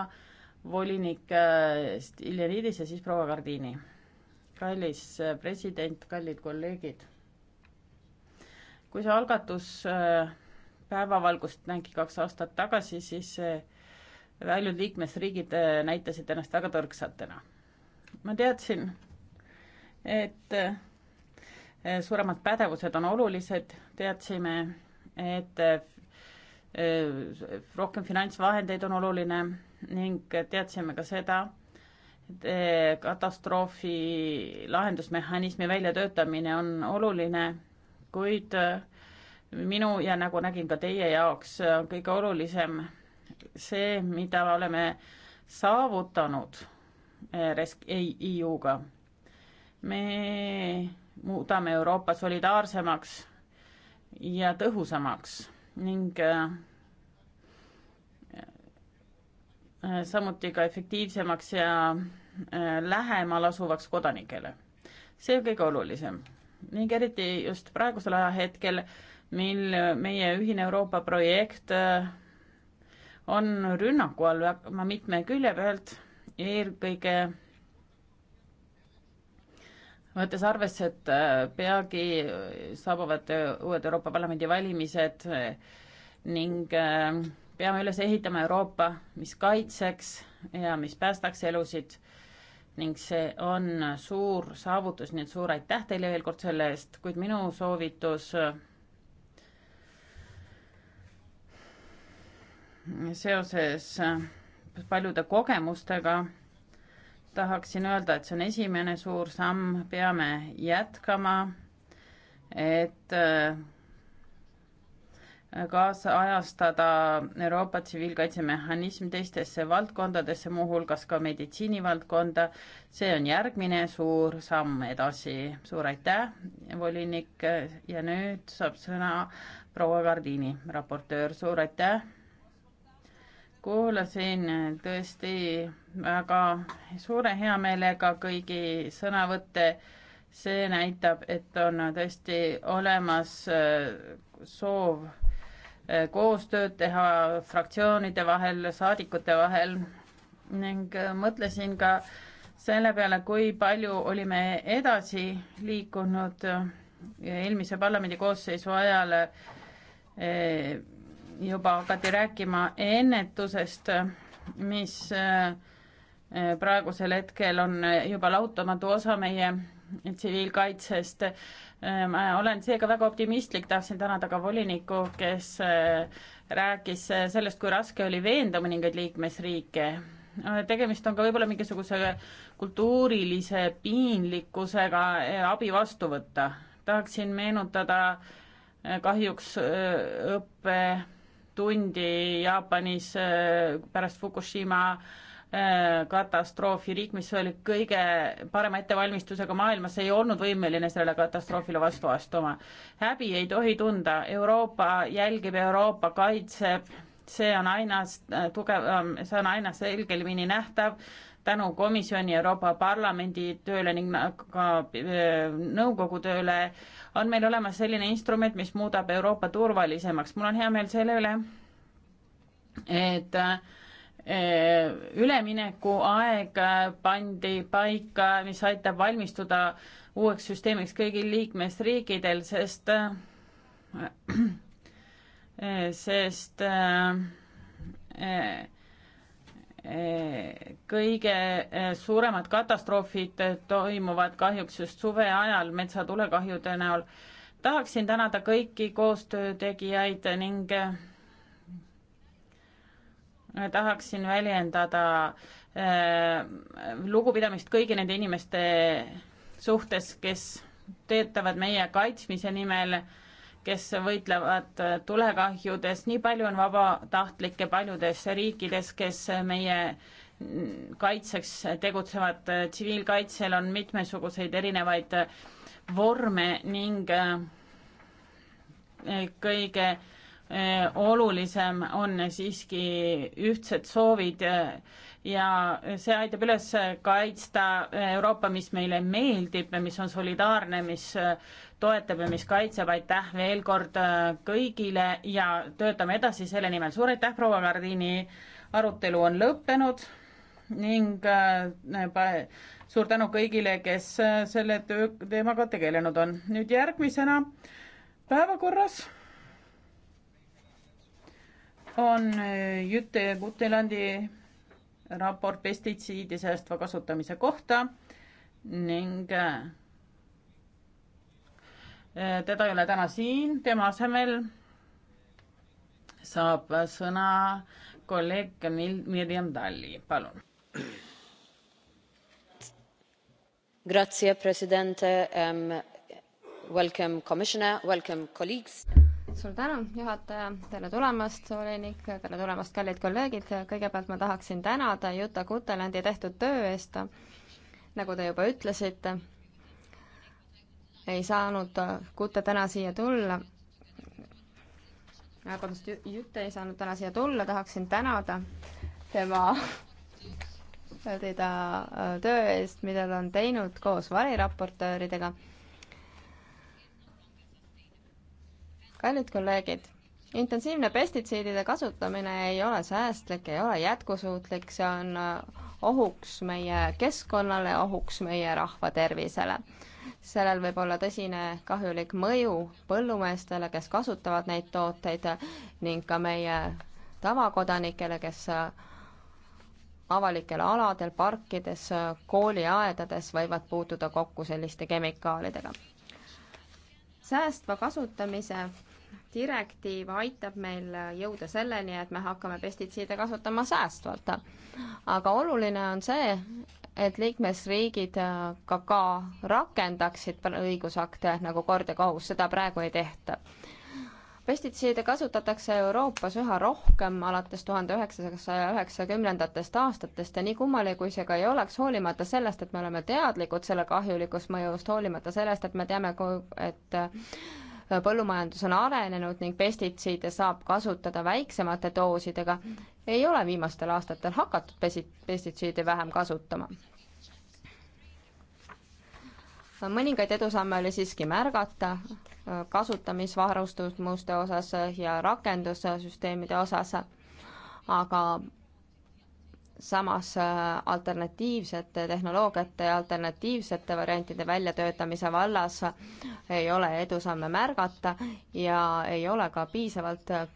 [SPEAKER 1] volinik Stiljanidis ja siis proua Gardiini. kallis president, kallid kolleegid, kui see algatus äh, päevavalgust nägi kaks aastat tagasi, siis paljud liikmesriigid äh, näitasid ennast väga tõrksatena. ma teadsin, et äh, suuremad pädevused on olulised, teadsime, et äh, rohkem finantsvahendeid on oluline ning teadsime ka seda, et katastroofi lahendusmehhanismi väljatöötamine on oluline, kuid äh, minu ja nagu nägin ka teie jaoks, kõige olulisem see, mida oleme saavutanud EU-ga. Eh, e me muudame Euroopa solidaarsemaks ja tõhusamaks ning eh, samuti ka efektiivsemaks ja eh, lähemal asuvaks kodanikele. see on kõige olulisem ning eriti just praegusel ajahetkel, mil meie ühine Euroopa projekt äh, on rünnaku all väga mitme külje pealt, eelkõige võttes arvesse, et äh, peagi saabuvad äh, uued Euroopa Parlamendi valimised ning peame üles ehitama Euroopa, mis kaitseks ja mis päästaks elusid ning see on suur saavutus, nii et suur aitäh teile veel kord selle eest, kuid minu soovitus seoses äh, paljude kogemustega tahaksin öelda, et see on esimene suur samm, peame jätkama, et äh, kaasajastada Euroopa tsiviilkaitsemehhanism teistesse valdkondadesse, muuhulgas ka meditsiinivaldkonda. see on järgmine suur samm edasi. suur aitäh, volinik ja nüüd saab sõna proua Gardini, raportöör, suur aitäh kuulasin tõesti väga suure heameelega kõigi sõnavõtte. see näitab, et on tõesti olemas äh, soov äh, koostööd teha fraktsioonide vahel, saadikute vahel ning äh, mõtlesin ka selle peale, kui palju olime edasi liikunud eelmise parlamendi koosseisu ajal juba hakati rääkima ennetusest, mis äh, praegusel hetkel on juba lahutamatu osa meie tsiviilkaitsest. Äh, ma olen seega väga optimistlik, tahtsin tänada ka volinikku, kes äh, rääkis sellest, kui raske oli veenda mõningaid liikmesriike tegemist on ka võib-olla mingisuguse kultuurilise piinlikkusega abi vastu võtta. tahaksin meenutada kahjuks õppe tundi Jaapanis äh, pärast Fukushima äh, katastroofi, riik, mis oli kõige parema ettevalmistusega maailmas, ei olnud võimeline sellele katastroofile vastu astuma. häbi ei tohi tunda, Euroopa jälgib, Euroopa kaitseb, see on aina äh, tugevam, ähm, see on aina selgemini nähtav tänu komisjoni, Euroopa Parlamendi tööle ning ka nõukogu tööle on meil olemas selline instrument, mis muudab Euroopa turvalisemaks. mul on hea meel selle üle, et eh, üleminekuaeg eh, pandi paika, mis aitab valmistuda uueks süsteemiks kõigil liikmesriikidel, sest eh, sest äh, kõige eh, suuremad katastroofid toimuvad kahjuks just suve ajal metsatulekahjude näol. tahaksin tänada kõiki koostöö tegijaid ning eh, tahaksin väljendada eh, lugupidamist kõigi nende inimeste suhtes, kes töötavad meie kaitsmise nimel kes võitlevad tulekahjudes, nii palju on vabatahtlikke paljudes riikides, kes meie kaitseks tegutsevad, tsiviilkaitsel on mitmesuguseid erinevaid vorme ning eh, kõige eh, olulisem on siiski ühtsed soovid eh, ja see aitab üles kaitsta Euroopa, mis meile meeldib, mis on solidaarne, mis toetame, mis kaitseb, aitäh veel kord äh, kõigile ja töötame edasi selle nimel. suur aitäh, proua Gardini, arutelu on lõppenud ning äh, suur tänu kõigile, kes äh, selle töö teemaga tegelenud on. nüüd järgmisena päevakorras on Jüte Kutelandi raport pestitsiidi säästva kasutamise kohta ning Eh, teda ei ole täna siin, tema asemel saab sõna kolleeg Mil-, Mirjam Talli, palun.
[SPEAKER 3] Grazie, president um,. Welcome, commissioner, welcome, colleagues suur tänu, juhataja, tere tulemast, volinik, tere tulemast, kallid kolleegid, kõigepealt ma tahaksin tänada Juta Kutelandi tehtud töö eest, nagu te juba ütlesite, ei saanud äh, Kutte täna siia tulla. Äh, vabandust, Jüte ei saanud täna siia tulla, tahaksin tänada tema, äh, teda töö eest, mida ta on teinud koos variraportööridega. kallid kolleegid, intensiivne pestitsiidide kasutamine ei ole säästlik, ei ole jätkusuutlik, see on ohuks meie keskkonnale, ohuks meie rahva tervisele sellel võib olla tõsine kahjulik mõju põllumeestele, kes kasutavad neid tooteid ning ka meie tavakodanikele, kes avalikel aladel, parkides, kooliaedades võivad puutuda kokku selliste kemikaalidega. säästva kasutamise direktiiv aitab meil jõuda selleni, et me hakkame pestitsiide kasutama säästvalt. aga oluline on see, et liikmesriigid äh, ka ka rakendaksid õigusakte nagu kord ja kohus, seda praegu ei tehta. pestitsiide kasutatakse Euroopas üha rohkem alates tuhande üheksasaja üheksakümnendatest aastatest ja nii kummaline, kui see ka ei oleks, hoolimata sellest, et me oleme teadlikud selle kahjulikust mõjust, hoolimata sellest, et me teame, et põllumajandus on arenenud ning pestitsiide saab kasutada väiksemate doosidega, ei ole viimastel aastatel hakatud pesi-, pestitsiide vähem kasutama. mõningaid edusamme oli siiski märgata äh, kasutamisvarustumuste osas ja rakendussüsteemide osas, aga samas äh, alternatiivsete tehnoloogiate ja alternatiivsete variantide väljatöötamise vallas ei ole edusamme märgata ja ei ole ka piisavalt äh,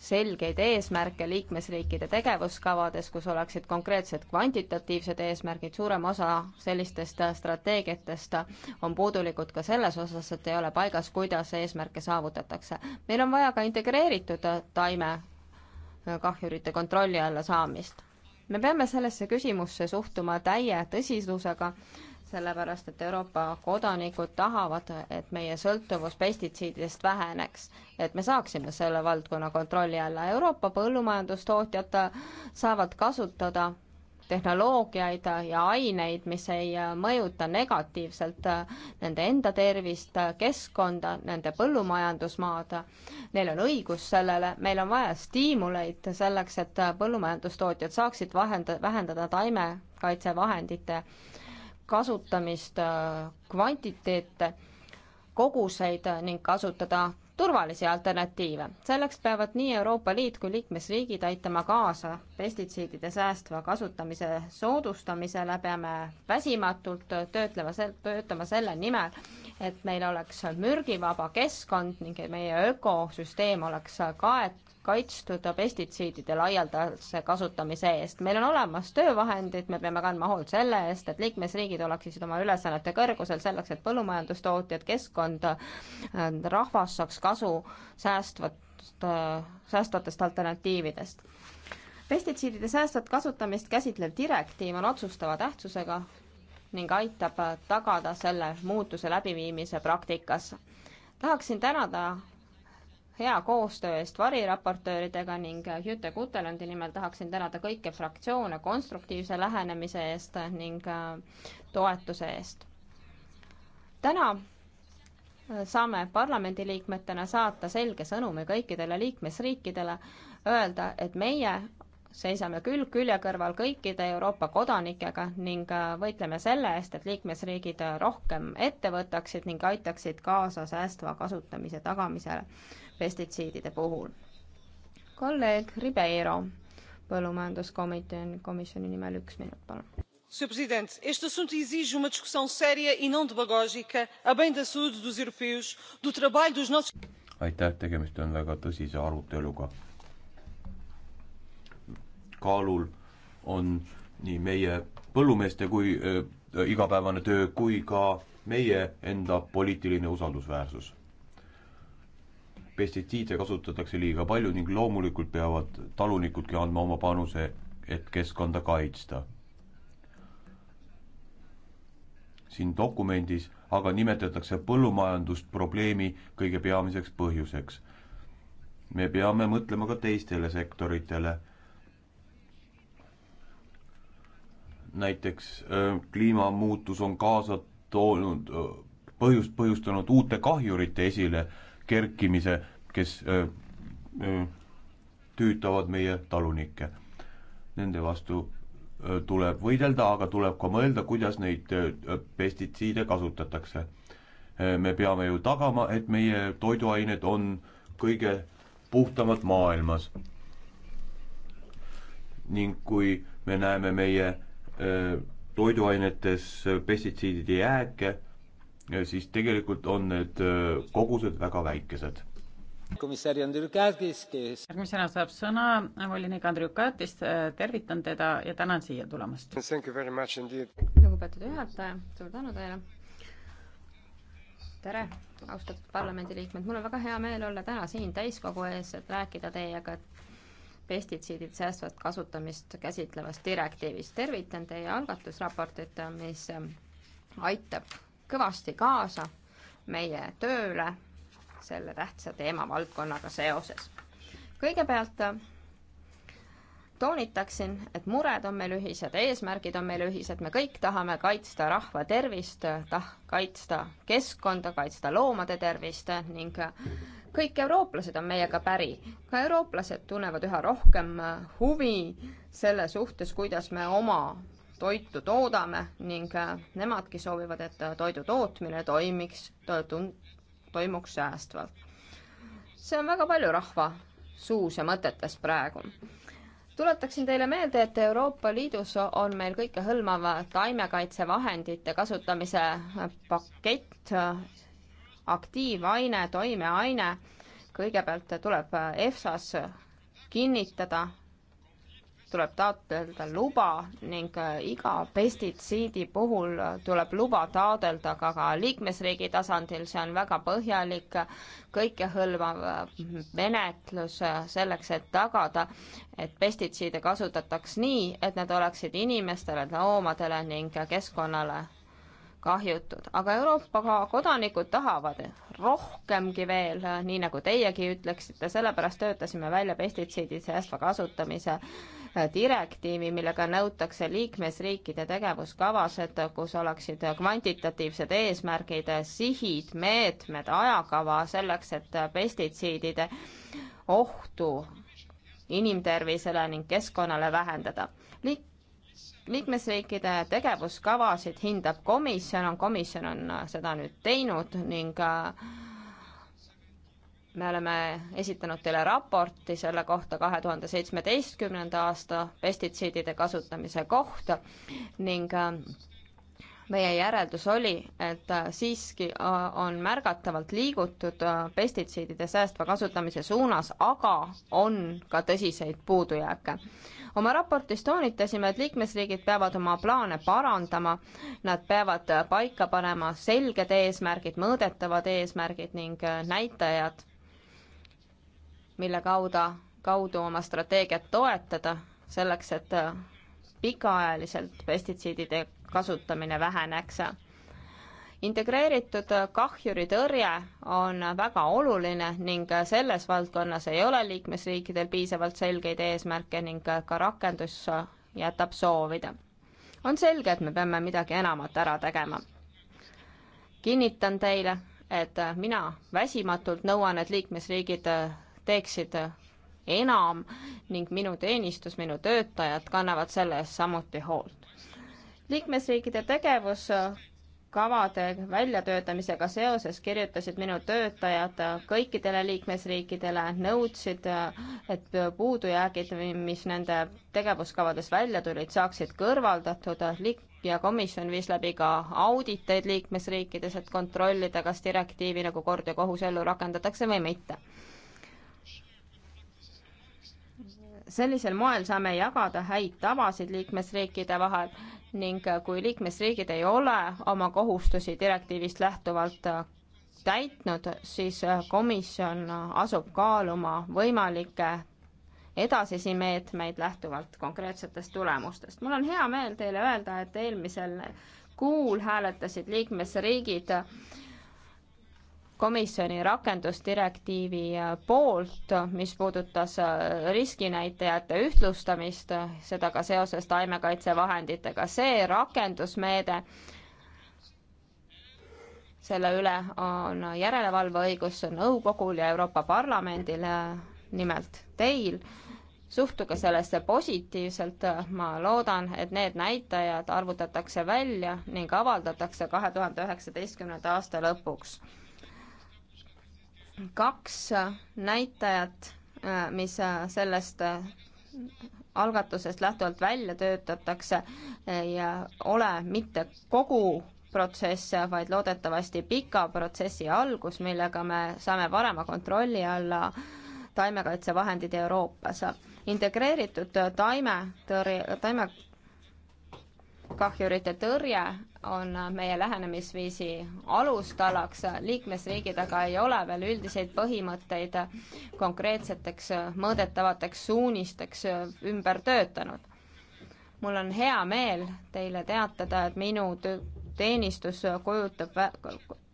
[SPEAKER 3] selgeid eesmärke liikmesriikide tegevuskavades, kus oleksid konkreetsed kvantitatiivsed eesmärgid, suurem osa sellistest äh, strateegiatest on puudulikud ka selles osas, et ei ole paigas, kuidas eesmärke saavutatakse. meil on vaja ka integreeritud taime kahjurite kontrolli alla saamist me peame sellesse küsimusse suhtuma täie tõsidusega, sellepärast et Euroopa kodanikud tahavad, et meie sõltuvus pestitsiididest väheneks, et me saaksime selle valdkonna kontrolli alla. Euroopa põllumajandustootjad saavad kasutada tehnoloogiaid ja aineid, mis ei mõjuta negatiivselt nende enda tervist, keskkonda, nende põllumajandusmaad. Neil on õigus sellele, meil on vaja stiimuleid selleks, et põllumajandustootjad saaksid vahenda, vähendada taimekaitsevahendite kasutamist, kvantiteete, koguseid ning kasutada turvalisi alternatiive. selleks peavad nii Euroopa Liit kui liikmesriigid aitama kaasa pestitsiidide säästva kasutamise soodustamisele, peame väsimatult töötlema, töötama selle nimel, et meil oleks mürgivaba keskkond ning meie ökosüsteem oleks kaetud kaitstud pestitsiidide laialdase kasutamise eest. meil on olemas töövahendid, me peame kandma hoolt selle eest, et liikmesriigid oleksid oma ülesannete kõrgusel selleks, et põllumajandustootjad, keskkond, rahvas saaks kasu säästvat, säästvatest alternatiividest pestitsiidide säästvat kasutamist käsitlev direktiiv on otsustava tähtsusega ning aitab tagada selle muutuse läbiviimise praktikas. tahaksin tänada hea koostöö eest variraportööridega ning Jüte Kutelandi nimel tahaksin tänada kõiki fraktsioone konstruktiivse lähenemise eest ning äh, toetuse eest. täna äh, saame parlamendiliikmetena saata selge sõnumi kõikidele liikmesriikidele, öelda, et meie seisame külg külje kõrval kõikide Euroopa kodanikega ning äh, võitleme selle eest, et liikmesriigid rohkem ette võtaksid ning aitaksid kaasa säästva kasutamise tagamisele pestitsiidide puhul. kolleeg Ribeiro põllumajanduskomitee komisjoni nimel üks minut, palun
[SPEAKER 2] senhor presidente este assunto exige uma discussão séria e não demagógica a bem da saúde dos europeus do trabalho dos nossos. aitäh, tegemist on väga tõsise aruteluga. kaalul on nii meie põllumeeste kui äh, igapäevane töö kui ka meie enda poliitiline usaldusväärsus pestitsiide kasutatakse liiga palju ning loomulikult peavad talunikudki andma oma panuse, et keskkonda kaitsta. siin dokumendis aga nimetatakse põllumajandust probleemi kõige peamiseks põhjuseks. me peame mõtlema ka teistele sektoritele. näiteks äh, kliimamuutus on kaasa toonud, äh, põhjust, põhjustanud uute kahjurite esile kerkimise, kes öö, öö, tüütavad meie talunikke. Nende vastu öö, tuleb võidelda, aga tuleb ka mõelda, kuidas neid öö, pestitsiide kasutatakse. me peame ju tagama, et meie toiduained on kõige puhtamad maailmas. ning kui me näeme meie öö, toiduainetes pestitsiidide jääke, siis tegelikult on need äh, kogused väga väikesed.
[SPEAKER 1] järgmisena saab sõna volinik Andriukatis, äh, tervitan teda ja tänan siia tulemast. lugupeetud juhataja, suur tänu teile. tere, austatud
[SPEAKER 3] parlamendiliikmed, mul on väga hea meel olla täna siin täiskogu ees, et rääkida teiega pestitsiidid säästvat kasutamist käsitlevast direktiivist. tervitan teie algatusraportit, mis aitab kõvasti kaasa meie tööle selle tähtsa teemavaldkonnaga seoses. kõigepealt äh, toonitaksin, et mured on meil ühised, eesmärgid on meil ühised, me kõik tahame kaitsta rahva tervist, tah-, kaitsta keskkonda, kaitsta loomade tervist ning äh, kõik eurooplased on meiega päri. ka eurooplased tunnevad üha rohkem äh, huvi selle suhtes, kuidas me oma toitu toodame ning äh, nemadki soovivad, et äh, toidu tootmine toimiks to,, toimuks säästvalt. see on väga palju rahva suus ja mõtetes praegu. tuletaksin teile meelde, et Euroopa Liidus on meil kõikehõlmav taimekaitsevahendite kasutamise äh, pakett, aktiivaine, toimeaine, kõigepealt tuleb EFSA-s kinnitada tuleb taotleda luba ning äh, iga pestitsiidi puhul tuleb luba taotleda ka, ka liikmesriigi tasandil, see on väga põhjalik, kõikehõlmav äh, menetlus äh, selleks, et tagada, et pestitsiide kasutataks nii, et need oleksid inimestele, loomadele ning keskkonnale kahjutud, aga Euroopa kodanikud tahavad rohkemgi veel, nii nagu teiegi ütleksite, sellepärast töötasime välja pestitsiidi säästva kasutamise äh, direktiivi, millega nõutakse liikmesriikide tegevuskavased, kus oleksid kvantitatiivsed eesmärgid, sihid, meetmed, ajakava selleks, et pestitsiidide ohtu inimtervisele ning keskkonnale vähendada liikmesriikide tegevuskavasid hindab komisjon, on komisjon on äh, seda nüüd teinud ning äh, me oleme esitanud teile raporti selle kohta kahe tuhande seitsmeteistkümnenda aasta pestitsiidide kasutamise kohta ning äh, meie järeldus oli, et äh, siiski äh, on märgatavalt liigutud äh, pestitsiidide säästva kasutamise suunas, aga on ka tõsiseid puudujääke. oma raportis toonitasime, et liikmesriigid peavad oma plaane parandama, nad peavad paika panema selged eesmärgid, mõõdetavad eesmärgid ning näitajad, mille kauda, kaudu oma strateegiat toetada, selleks et pikaajaliselt pestitsiidide kasutamine väheneks. integreeritud kahjuritõrje on väga oluline ning selles valdkonnas ei ole liikmesriikidel piisavalt selgeid eesmärke ning ka rakendus jätab soovida. on selge, et me peame midagi enamat ära tegema. kinnitan teile, et mina väsimatult nõuan, et liikmesriigid teeksid enam ning minu teenistus, minu töötajad kannavad selle eest samuti hoolt liikmesriikide tegevuskavade väljatöötamisega seoses kirjutasid minu töötajad kõikidele liikmesriikidele, nõudsid, et puudujäägid, mis nende tegevuskavades välja tulid, saaksid kõrvaldatud liik-, ja komisjon viis läbi ka auditeid liikmesriikides, et kontrollida, kas direktiivi nagu kord ja kohus ellu rakendatakse või mitte sellisel moel saame jagada häid tavasid liikmesriikide vahel ning kui liikmesriigid ei ole oma kohustusi direktiivist lähtuvalt täitnud, siis komisjon asub kaaluma võimalikke edasisi meetmeid lähtuvalt konkreetsetest tulemustest. mul on hea meel teile öelda, et eelmisel kuul hääletasid liikmesriigid äh, komisjoni rakendusdirektiivi poolt, mis puudutas äh, riskinäitajate ühtlustamist, seda ka seoses taimekaitsevahenditega. see rakendusmeede selle üle on järelevalveõigus nõukogul ja Euroopa Parlamendil, nimelt teil. suhtuge sellesse positiivselt, ma loodan, et need näitajad arvutatakse välja ning avaldatakse kahe tuhande üheksateistkümnenda aasta lõpuks kaks näitajat, äh, mis äh, sellest äh, algatusest lähtuvalt välja töötatakse, ei ole mitte kogu protsess, vaid loodetavasti pika protsessi algus, millega me saame parema kontrolli alla taimekaitsevahendid Euroopas. integreeritud taime tõrje, taimekahjurite tõrje on meie lähenemisviisi alustalaks, liikmesriigid aga ei ole veel üldiseid põhimõtteid konkreetseteks mõõdetavateks suunisteks ümber töötanud. mul on hea meel teile teatada, et minu teenistus kujutab,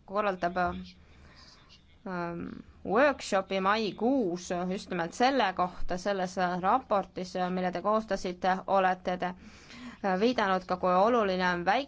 [SPEAKER 3] korraldab ähm, workshopi maikuus just nimelt selle kohta, selles raportis, mille te koostasite, olete te viidanud ka, kui oluline on väikse